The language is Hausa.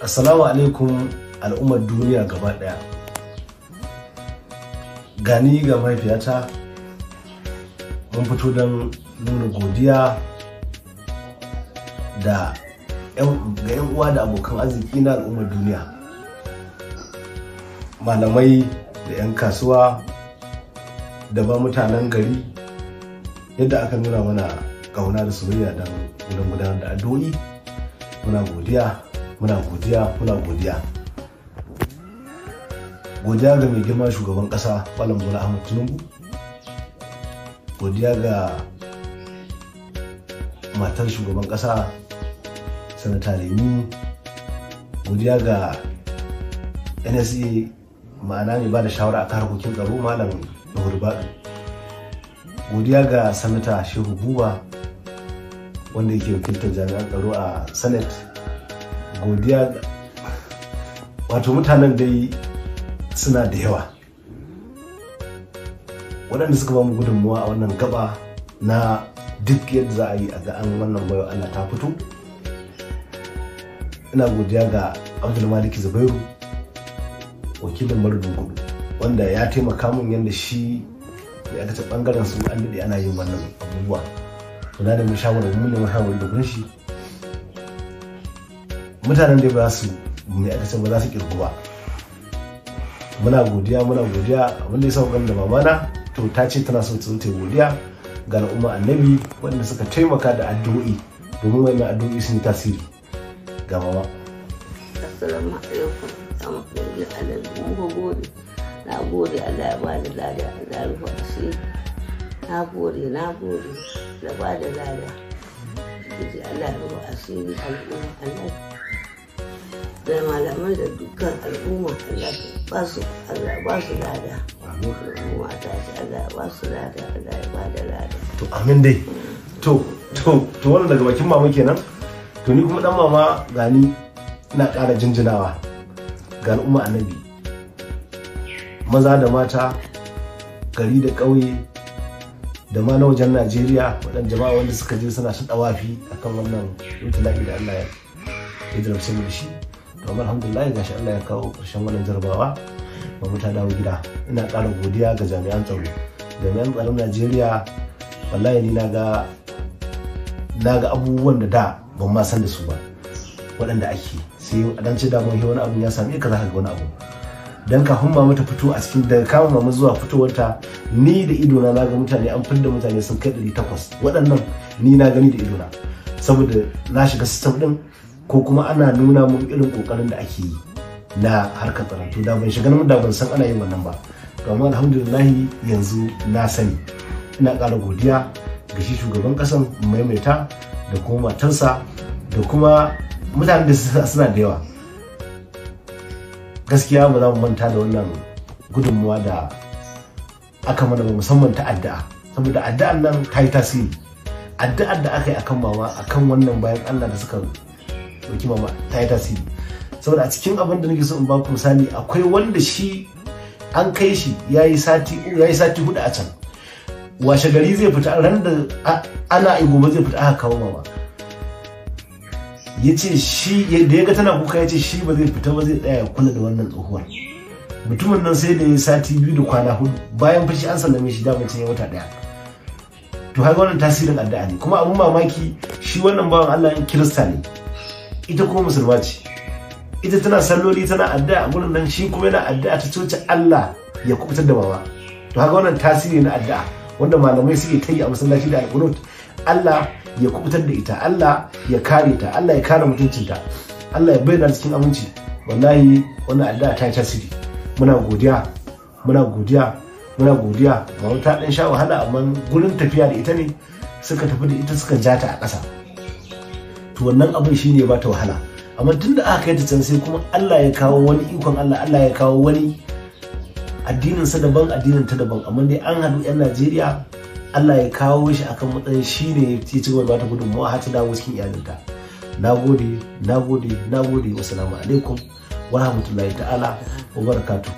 assalamu alaikum al'ummar duniya gaba daya gani ga mahaifiyata mun fito don nuna godiya da ga 'yan uwa da abokan arziki na al'ummar duniya malamai da 'yan kasuwa da ba mutanen gari yadda aka nuna mana kauna da soyayya don gudanar da addu'o'i muna godiya muna godiya muna godiya godiya ga mai girma shugaban kasa malam bola ahmad tinubu godiya ga matar shugaban kasa sanata lemu godiya ga nsa ma'ana mai ba da shawara a harkokin tsaro malam nuhur baɗi godiya ga sanata shehu buba wanda yake wakiltar jami'an tsaro a senate godiya wato mutanen dai suna da yawa waɗanda suka ba mu gudunmuwa a wannan gaba na duk yadda za a yi a ga an wannan bayo Allah ta fito ina godiya ga abdul maliki zubairu wakilin marubin gudu wanda ya taimaka min yadda shi ya aka bangaren su an daɗe ana yin wannan abubuwa to mu shawarar mu ne mu shawarar da gunshi mutanen da ba su mai aka ba za su kirgu ba muna godiya muna godiya wanda ya sa saukan da mamana to ta ce tana so ta godiya ga al'umma annabi wanda suka taimaka da addu'o'i domin wannan addu'o'i sun yi tasiri ga mama assalamu alaikum samu ɗari alalu muka gode na gode Allah ya ba da lada Allah ya rufa asiri na gode na gode da ba da lada ubangiji Allah ya asiri al'umma Allah da malamai da dukkan al'umma Allah ba su Allah ba su lada al'umma ta ce Allah ba su lada Allah ya ba da lada to amin dai to to to wannan daga bakin mama kenan to ni kuma dan mama gani ina ƙara jinjinawa ga al'umma annabi maza da mata gari da ƙauye da ma na wajen najeriya waɗanda jama'a wanda suka je suna shan dawafi akan wannan intanet da allah ya jarabce da shi to amma ga gashi allah ya kawo ƙarshen wannan jarabawa ba ta dawo gida ina ƙara godiya ga jami'an tsaro jami'an tsaron najeriya wallahi ni na ga abubuwan da da ban ma san da su ba waɗanda ake sai a dan ce damar wani abu ya sami ka za ka ga wani abu Dan kafin mama ta fito a cikin daga kama mama zuwa fitowarta ni da idona na ga mutane an fidda mutane sun kai ɗari takwas waɗannan ni na gani da idona saboda na shiga system ɗin ko kuma ana nuna mun irin ƙoƙarin da ake yi na harkar tsaron to da ban shiga nan da ban san ana yin wannan ba to amma alhamdulillahi yanzu na sani ina ƙara godiya ga shi shugaban ƙasan maimaita da kuma matarsa da kuma mutanen da suna da yawa gaskiya ba za mu manta da wannan gudunmuwa da aka mana ba musamman ta addu'a saboda addu'an nan ta yi tasiri addu'ar da aka yi akan mama akan wannan bayan Allah da suka ɗauki mama ta yi tasiri saboda a cikin abin da nake so in ba ku misali akwai wanda shi an kai shi ya yi sati hudu a can washe gari zai fita ran da ana gobe zai fita aka kawo mama ya ce shi da ya ga tana kuka ya ce shi ba zai fita ba zai tsaya kula da wannan tsohuwar mutumin nan sai da ya sati biyu da kwana hudu bayan fashi an sallame shi damar can ya wata daya to haka wannan tasirin addu'a ne kuma abun mamaki shi wannan bawan Allah in kirista ne ita kuma musulma ce ita tana salloli tana addu'a a gurin nan shi kuma yana addu'a ta coci Allah ya kubutar da baba to haka wannan tasiri na addu'a wanda malamai suke ta yi a masallaci da alƙunut Allah ya kubutar da ita Allah ya kare ta Allah ya kare mutuncinta Allah ya bayyana cikin aminci wallahi wannan addu'a ta yi tasiri muna godiya muna godiya muna godiya ga ta dan sha wahala amma gurin tafiya da ita ne suka tafi da ita suka jata a ƙasa to wannan abin shine ba ta wahala amma tunda aka kai ta can sai kuma Allah ya kawo wani ikon Allah Allah ya kawo wani addinin sa daban addinin ta daban amma dai an haɗu 'yan Najeriya Allah ya kawo shi akan matsayin shi ne ya ci gaba da gudunmawa har ta dawo cikin iyalinta nagode! gode na gode alaikum wa rahmatullahi ta'ala wa barakatuh